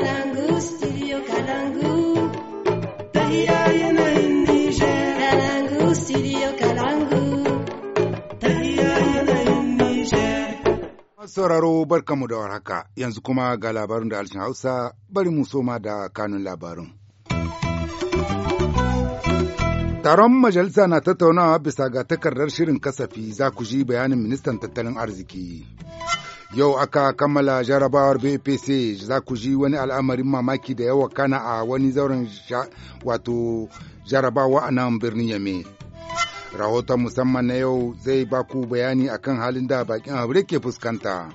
kalangu studio kalangu sauraro barkamu da warhaka yanzu kuma ga labarin da alshin hausa bari mu soma da kanun labarin Taron majalisa na tattaunawa bisa ga takardar shirin kasafi za ku ji bayanin ministan tattalin arziki. Yau aka kammala jarabawar BPC za ku ji wani al'amarin mamaki da yawa kana a wani zauren wato jarabawa a nan birnin Yame. Rahoton musamman na yau zai baku bayani akan halin da bakin abu ke fuskanta.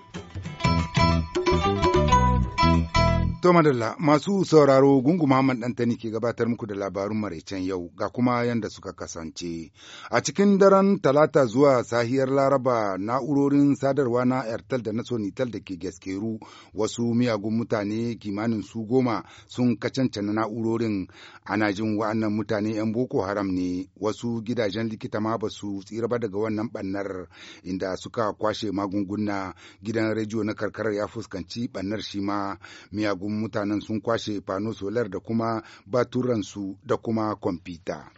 To madalla masu sauraro gungu Muhammad Dantani ke gabatar muku da labarun maraicen yau ga kuma yadda suka kasance. A cikin daren talata zuwa sahiyar laraba na'urorin sadarwa na Airtel da na Sonitel da ke gaskeru wasu miyagun mutane kimanin su goma sun na na'urorin ana jin wa'annan mutane 'yan boko haram ne wasu gidajen likita ma ba su tsira ba daga wannan bannar inda suka kwashe magunguna gidan rediyo na karkarar ya fuskanci bannar shi ma miyagun mutanen sun kwashe fano solar da kuma baturansu da kuma kwamfuta.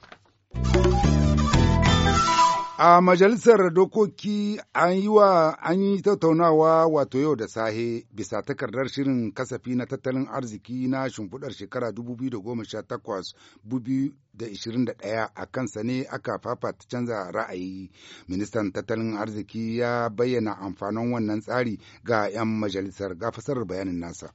A majalisar dokoki an yi wa an yi tattaunawa wato yau da sahe bisa takardar shirin kasafi na tattalin arziki na shimfiɗar shekara 2018-2021 a kansa ne aka fafata canza ra'ayi. Ministan tattalin arziki ya bayyana amfanin wannan tsari ga 'yan majalisar ga bayanin nasa.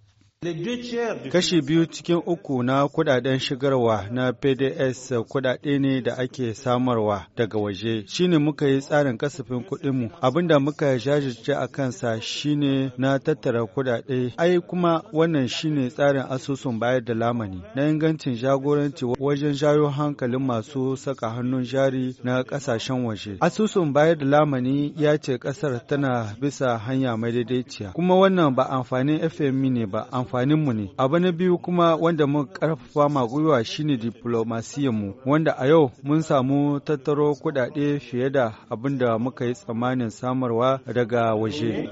Kashi biyu cikin uku na kudaden shigarwa na PDS kudade ne da ake samarwa daga waje. Shine muka yi tsarin kasafin kuɗinmu. Abinda muka jajirce a kansa shine na tattara kudade. Ai kuma wannan shine tsarin asusun bayar da lamani na ingancin jagoranci wajen jayo hankalin masu saka hannun jari na kasashen waje. Asusun bayar da lamani ya ce kasar tana bisa hanya mai madaidaiciya. Kuma wannan ba amfanin FMI ne ba. amfaninmu ne. Abu na biyu kuma wanda mun karfafa ma gwiwa shine mu wanda a yau mun samu tattaro kudade fiye da abin da muka yi tsammanin samarwa daga waje.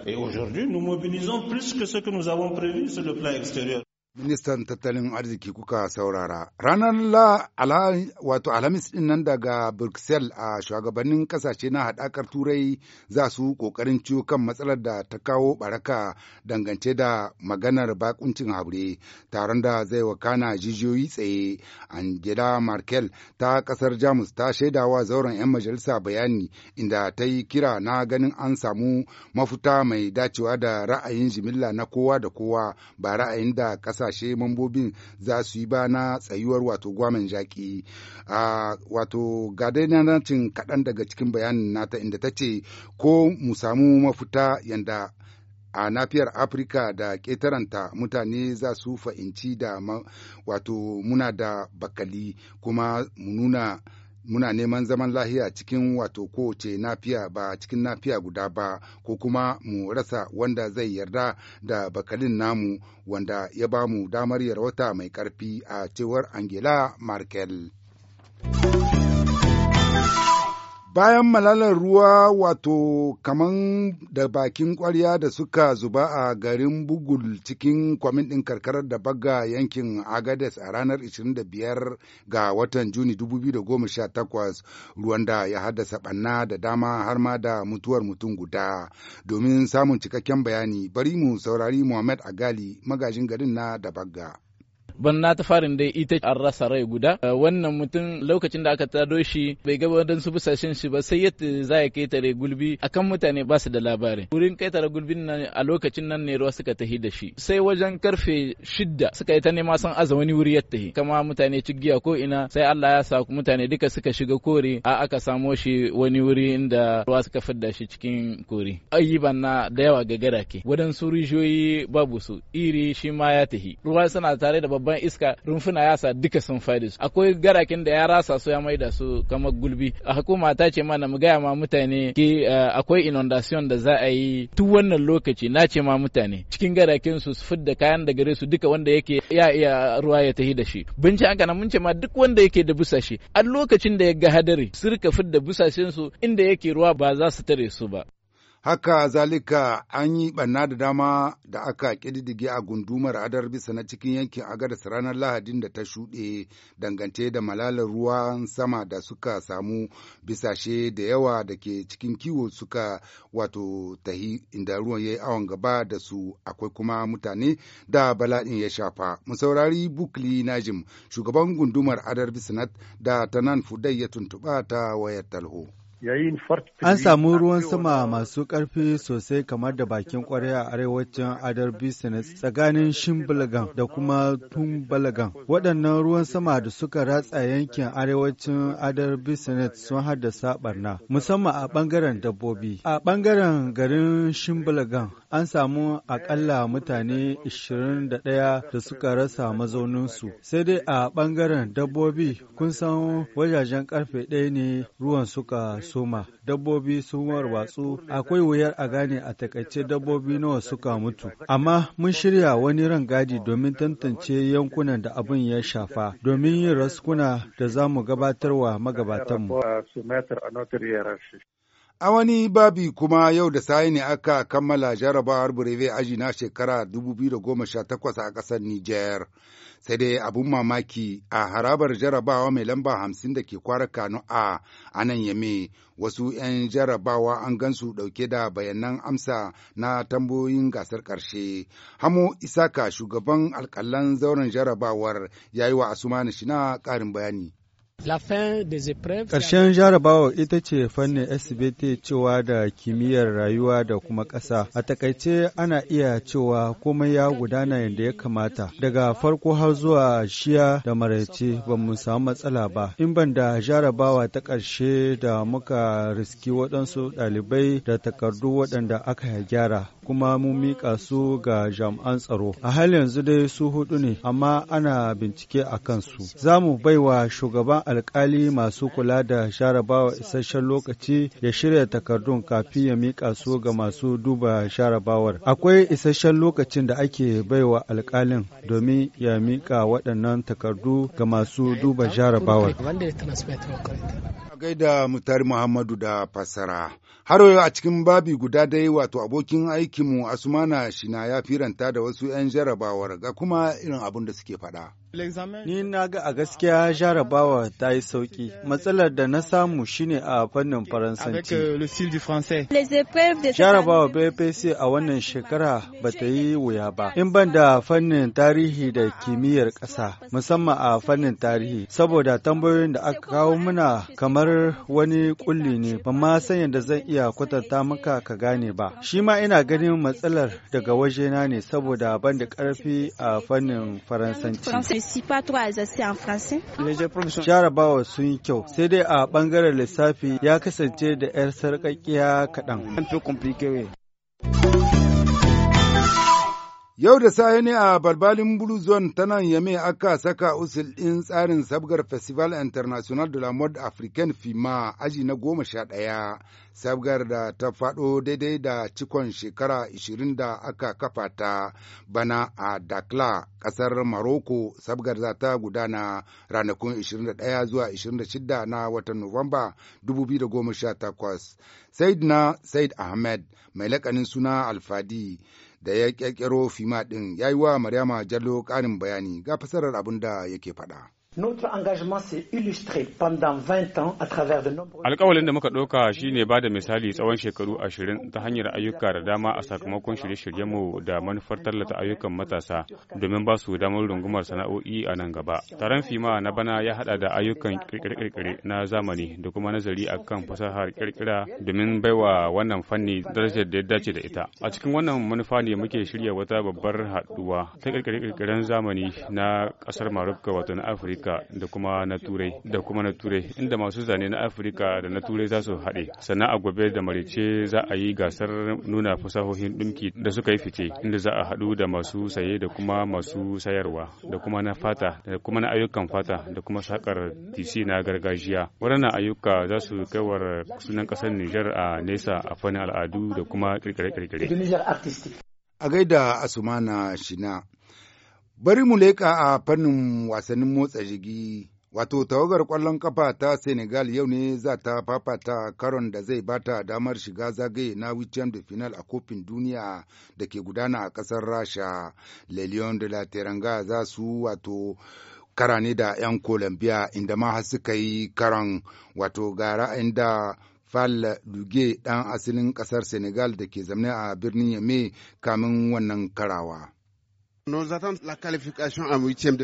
ministan tattalin arziki kuka saurara. Ranar la ala, wato Alhamis din nan daga Bruxelles a shugabannin kasashe na haɗakar Turai za su ƙoƙarin ciwo kan matsalar da ta kawo baraka dangance da maganar bakuncin haure taron da zai wakana jijiyoyi tsaye. Angela Merkel ta ƙasar Jamus ta shaidawa zauren 'yan majalisa bayani inda ta yi kira na ganin an samu mafuta mai dacewa da ra'ayin jimilla na kowa da kowa ba ra'ayin da ƙasa kasashe mambobin za su yi ba na tsayuwar wato gwamen jaki a wato gadanancin cin kaɗan daga cikin bayanin nata inda ta ce ko mu samu mafita yanda a nafiyar afirka da ƙetaranta mutane za su fahimci da wato muna da bakali kuma mu nuna muna neman zaman lahiya cikin wato kowace nafiya ba cikin nafiya guda ba ko kuma mu rasa wanda zai yarda da bakalin namu wanda ya bamu damar yarwata mai karfi a cewar angela merkel. Bayan malalar ruwa wato kaman da bakin kwarya da suka zuba a garin Bugul cikin kwamin ɗin karkarar da baga yankin Agades a ranar 25 ga watan Juni 2018 ruwan da ya haddasa ɓanna da dama har ma da mutuwar mutum guda. Domin samun cikakken bayani bari mu saurari Muhammad Agali magajin garin na da baga. banna ta farin dai ita an rasa rai guda eh, wannan mutum lokacin da aka tado shi bai ga su busashen shi ba sai yadda za ya kai tare gulbi akan mutane ba su da labarin wurin kai tare gulbin nan a lokacin nan ne ruwa suka tahi da shi sai wajen karfe shidda suka yi ta nema san aza wani wuri ya tahi kama mutane cigiya ko ina sai Allah ya sa mutane duka suka shiga kore a aka samo shi wani wuri inda ruwa suka fidda shi cikin kore ayi banna da yawa gagara ke wadansu rijiyoyi babu su iri shi ma ya tahi ruwa suna tare da babban ban iska rumfuna yasa duka sun fadi su akwai garakin da ya rasa su ya maida su kamar gulbi a hukuma ta ce mana mu gaya ma mutane ki eh, akwai inundation da za a yi tu wannan lokaci na ce ma mutane cikin garakin su su fidda kayan da gare su duka wanda yake ya iya ruwa ya tahi da shi binci haka nan mun ce ma duk wanda yake da busashe a lokacin da ya ga hadari sirka fidda busashen su inda yake ruwa ba za su tare su ba Haka zalika an yi ɓanna da dama da aka ƙididdige a gundumar adar bisa na cikin yankin agadas ranar Lahadin da ta shuɗe dangante da malalar ruwan sama da suka samu bisashe da yawa da ke cikin kiwo suka wato tahi inda ruwan ya yi awon gaba da su akwai kuma mutane da bala'in ya shafa. Mu saurari Bukli Najim, shugaban gundumar adar na da ta nan Fudai ya tuntuɓa ta wayar talho. An samu ruwan sama masu ƙarfi sosai kamar da bakin ƙwarya a arewacin Adar Business tsakanin Shimbalagan da kuma Tumbalagan. Waɗannan ruwan sama da suka ratsa yankin arewacin Adar Business sun haddasa barna, musamman a ɓangaren dabbobi. A ɓangaren garin Shimbalagan an samu aƙalla mutane 21 da suka rasa mazauninsu. Sai dai a ɓangaren dabbobi kun san wajajen ƙarfe ɗaya ne ruwan suka soma dabbobi sun warwatsu akwai wuyar a gane a takaice dabbobi nawa suka mutu amma mun shirya wani rangadi domin tantance yankunan da abin ya shafa domin yin raskuna da za mu gabatarwa magabatanmu A wani babi kuma yau da sai ne aka kammala jarabawar Bureve aji na shekara 2018 a ƙasar Nijar. Sai dai abun mamaki a harabar jarabawa mai lamba hamsin da ke kwara Kano a anan Yame wasu 'yan jarabawa an gansu ɗauke da bayanan amsa na tambayoyin gasar ƙarshe. Hamo Isaka shugaban alkalan zauren jarabawar ya yi wa Asumani Shina ƙarin bayani. Ƙarshen jarabawa ita ce fannin SBT cewa da kimiyyar rayuwa da kuma ƙasa. A takaice ana iya cewa komai ya gudana yadda ya kamata. Daga farko har zuwa shiya da maraice ba mu samu matsala ba. In ban da jarabawa ta ƙarshe da muka riski waɗansu ɗalibai da takardu waɗanda aka gyara. kuma mun miƙa su ga jami'an tsaro. A hal yanzu dai su hudu ne, amma ana bincike a kansu. Za mu baiwa shugaban alkali masu kula da sharabawa isasshen lokaci ya shirya takardun kafin ya miƙa su ga masu duba sharabawar Akwai isasshen lokacin da ake baiwa alkalin domin ya miƙa waɗannan takardu ga masu duba jarabawar. Gaida Mutari Muhammadu da fassara. Har yau a cikin babi guda dai wato abokin aikinmu Asumana Shina ya firanta da wasu 'yan jarabawar ga kuma irin abin da suke faɗa. Ni na ga a gaskiya jarabawa ta yi sauki. Matsalar da na samu shine a fannin Faransanci. Euh, jarabawa BPC a wannan shekara ba ta yi wuya ba. In ban da fannin tarihi da kimiyyar ƙasa, musamman a fannin tarihi, saboda tambayoyin da aka kawo muna kamar wani kulli ne, ba ma san yadda zan iya iya kwatanta maka ka gane ba. Shi ma ina ganin matsalar daga wajena ne saboda ban da ƙarfi a fannin Faransanci. Jarabawa sun yi kyau, sai dai a ɓangaren lissafi ya kasance da 'yar sarƙaƙiya kaɗan. Yau da safe ne a balbalin Blue Zone ta nan Yame aka saka usul ɗin tsarin sabgar Festival International de la Mode African FIMA aji na goma sha ɗaya, sabgar da ta faɗo daidai da cikon shekara ishirin da aka kafa ta bana a Dakla, ƙasar Maroko, sabgar za ta gudana ranakun 21 zuwa 26 na watan Nuwamba 2018. Said na Said Ahmed, mai lakanin suna Alfadi. da ya ƙirƙiro fima ɗin ya yi wa Maryama Jallo ƙarin bayani ga fasarar abin da yake faɗa. Alƙawalin da muka ɗauka shi ne ba da misali tsawon shekaru ashirin ta hanyar ayyuka da dama a sakamakon shirye shiryen mu da manufar tallata ayyukan matasa domin ba su damar rungumar sana'o'i a nan gaba. Taron fima na bana ya haɗa da ayyukan ƙirƙire na zamani da kuma nazari akan fasahar ƙirƙira domin baiwa wannan fanni darajar da ya dace da ita. A cikin wannan manufa ne muke shirya wata babbar haduwa ta ƙirƙire-ƙirƙiren zamani na ƙasar Marokko wato na Afirka. afirka da kuma na turai da kuma na turai inda masu zane na afirka da na turai za su haɗe sannan a gobe da marice za a yi gasar nuna fasahohin ɗinki da suka yi fice inda za a haɗu da masu saye da kuma masu sayarwa da kuma na fata da kuma na ayyukan fata da kuma sakar tisi na gargajiya waɗannan ayyuka za su kaiwar sunan ƙasar nijar a nesa a fannin al'adu da kuma kirkire-kirkire a gaida asumana shina Bari mu leƙa a fannin wasannin motsa jiki, wato tawagar ƙwallon kafa ta Senegal yau ne za ta fafata karon da zai bata damar shiga zagaye na wucin da final a kofin duniya da ke gudana a ƙasar Rasha. Le Lion de la Teranga za su wato kara ne da 'yan Colombia inda ma har suka yi karon wato ga ra'ayin da Fal Duge ɗan asalin ƙasar Senegal da ke zamne a birnin Yame kamin wannan karawa.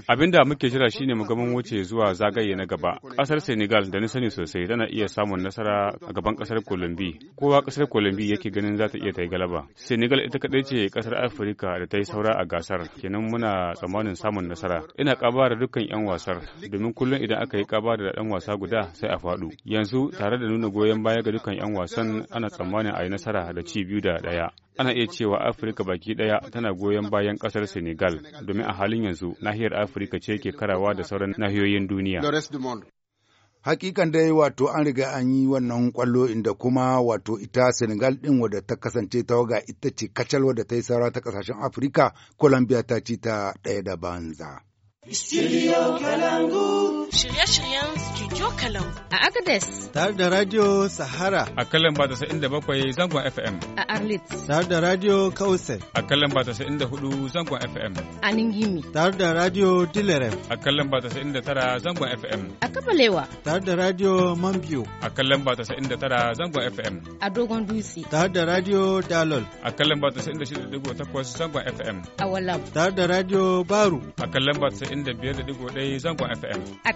Abin da muke jira shine mu gaban wuce zuwa zagaye na gaba. Kasar Senegal da ni sani sosai tana iya samun nasara a gaban kasar Colombia. Kowa kasar Colombia yake ganin za ta iya ta yi galaba. Senegal ita kadai ce kasar Afirka da ta yi saura a gasar. Kenan muna tsammanin samun nasara. Ina kaba da dukkan 'yan wasar domin kullum idan aka yi kaba da dan wasa guda sai a faɗu. Yanzu tare da nuna goyon baya ga dukkan 'yan wasan ana tsammanin a yi nasara da ci biyu da ɗaya. ana iya cewa afirka baki daya tana goyon bayan kasar senegal domin a halin yanzu nahiyar afirka ce ke karawa da sauran nahiyoyin duniya hakikan dai wato an riga an yi wannan kwallo inda kuma wato ita senegal din wadda ta kasance tawaga ita ce kacal wadda ta yi saura ta kasashen afirka colombia ta ci ta ɗaya da banza. shirye-shiryen Studio Kalangu. A Agadez. Tare da Radio Sahara. A kalan ba da bakwai zangon FM. A Arlit. Tare da Radio Kausel. A kalan ba da hudu zangon FM. A Ningimi. Tare da Radio Dilerem. A kalan ba da tara zangon FM. A Kabalewa. Tare da Radio mambio. A kalan ba da tara zangon FM. A Dogon Dutse. Tare da Radio Dalol. A kalan ba da takwas zangon FM. A Walam. Tare da Radio Baru. A kalan ba da biyar da zangon FM. A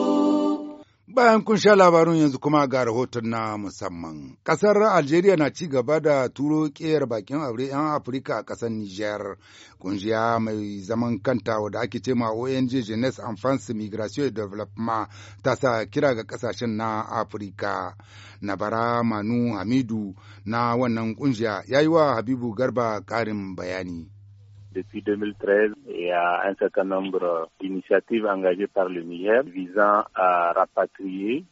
Bayan kun sha labarun yanzu kuma ga rahoton na musamman. Kasar Algeria na ci gaba da turo ƙeyar bakin aure 'yan Afirka a ƙasar Nijar. Kungiya mai zaman kanta wadda ake ce ma ONG Jeunesse France Migration et Development ta sa kira ga ƙasashen na Afirka. Nabara Manu Hamidu na wannan kungiya ya yi wa Habibu Garba ƙarin bayani. Depuis 2013, il y a un certain nombre d'initiatives engagées par le Niger visant à rapatrier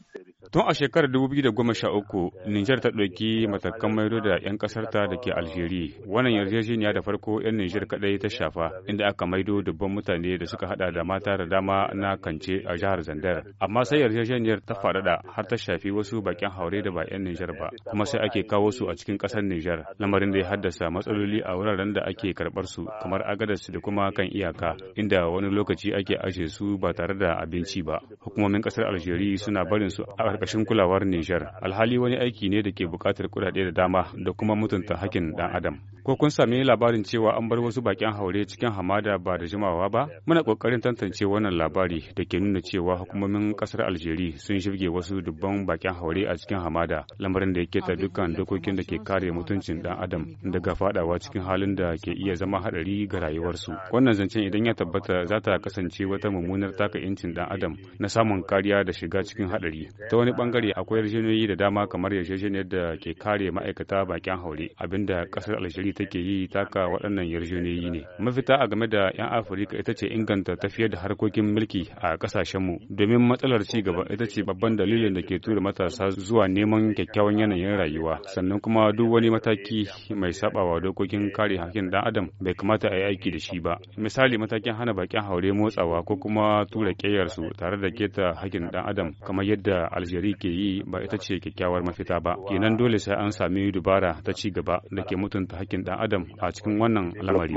Tun a shekarar 2013, Nijar ta ɗauki matakan maido da 'yan ƙasarta da ke Algeria. Wannan yarjejeniya da farko 'yan Nijar kaɗai ta shafa, inda aka maido dubban mutane da suka haɗa da mata da dama na kance a jihar Zandar. Amma sai yarjejeniyar ta faɗaɗa har ta shafi wasu baƙin haure da ba 'yan Nijar ba, kuma sai ake kawo su a cikin ƙasar Nijar, lamarin da ya haddasa matsaloli a wuraren da ake karɓar su, kamar Agadas da kuma kan iyaka, inda wani lokaci ake ajiye su ba tare da abinci ba. Hukumomin ƙasar Algeria suna barin su su a ƙarƙashin kulawar Nijar, alhali wani aiki ne da ke buƙatar kuɗaɗe da dama da kuma mutunta hakkin ɗan Adam. Ko kun sami labarin cewa an bar wasu bakin haure cikin hamada ba da jimawa ba? Muna kokarin tantance wannan labari da ke nuna cewa hukumomin kasar aljeri sun shirge wasu dubban bakin haure a cikin hamada, lamarin da ya ta dukkan dokokin da ke kare mutuncin dan adam daga fadawa cikin halin da ke iya zama hadari ga rayuwarsu. Wannan zancen idan ya tabbata za ta kasance wata mummunar taka incin dan adam na samun kariya da shiga cikin hadari. Ta wani bangare akwai yarjejeniyoyi da dama kamar yarjejeniyar da ke kare ma'aikata bakin haure abinda kasar aljeri Mali take yi taka waɗannan yarjejeniyoyi ne. Mafita a game da 'yan Afirka ita ce inganta tafiyar da harkokin mulki a ƙasashenmu domin matsalar ci gaba ita ce babban dalilin da ke tura matasa zuwa neman kyakkyawan yanayin rayuwa sannan kuma duk wani mataki mai sabawa dokokin kare hakkin dan adam bai kamata a yi aiki da shi ba misali matakin hana bakin haure motsawa ko kuma tura ƙeyarsu tare da keta hakkin dan adam kamar yadda aljeri ke yi ba ita ce kyakkyawar mafita ba kenan dole sai an sami dubara ta ci gaba da ke mutunta hakkin haƙƙin ɗan adam a cikin wannan lamari.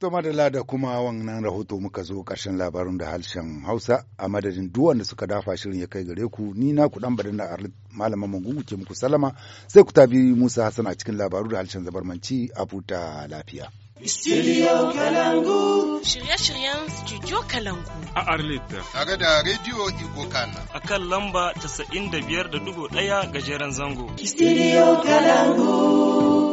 To da da kuma wannan rahoto muka zo ƙarshen labarin da harshen Hausa a madadin duk wanda suka dafa shirin ya kai gare ku ni na ku dan badan da malama Mangungu ke muku salama sai ku tabi Musa Hassan a cikin labaru da harshen zabarmanci a futa lafiya. Studio Kalangu. Shirye-shiryen Studio Kalangu. A Arlita. Tare da Radio Igokana. A kan lamba 95.1 gajeren zango. Studio Kalangu.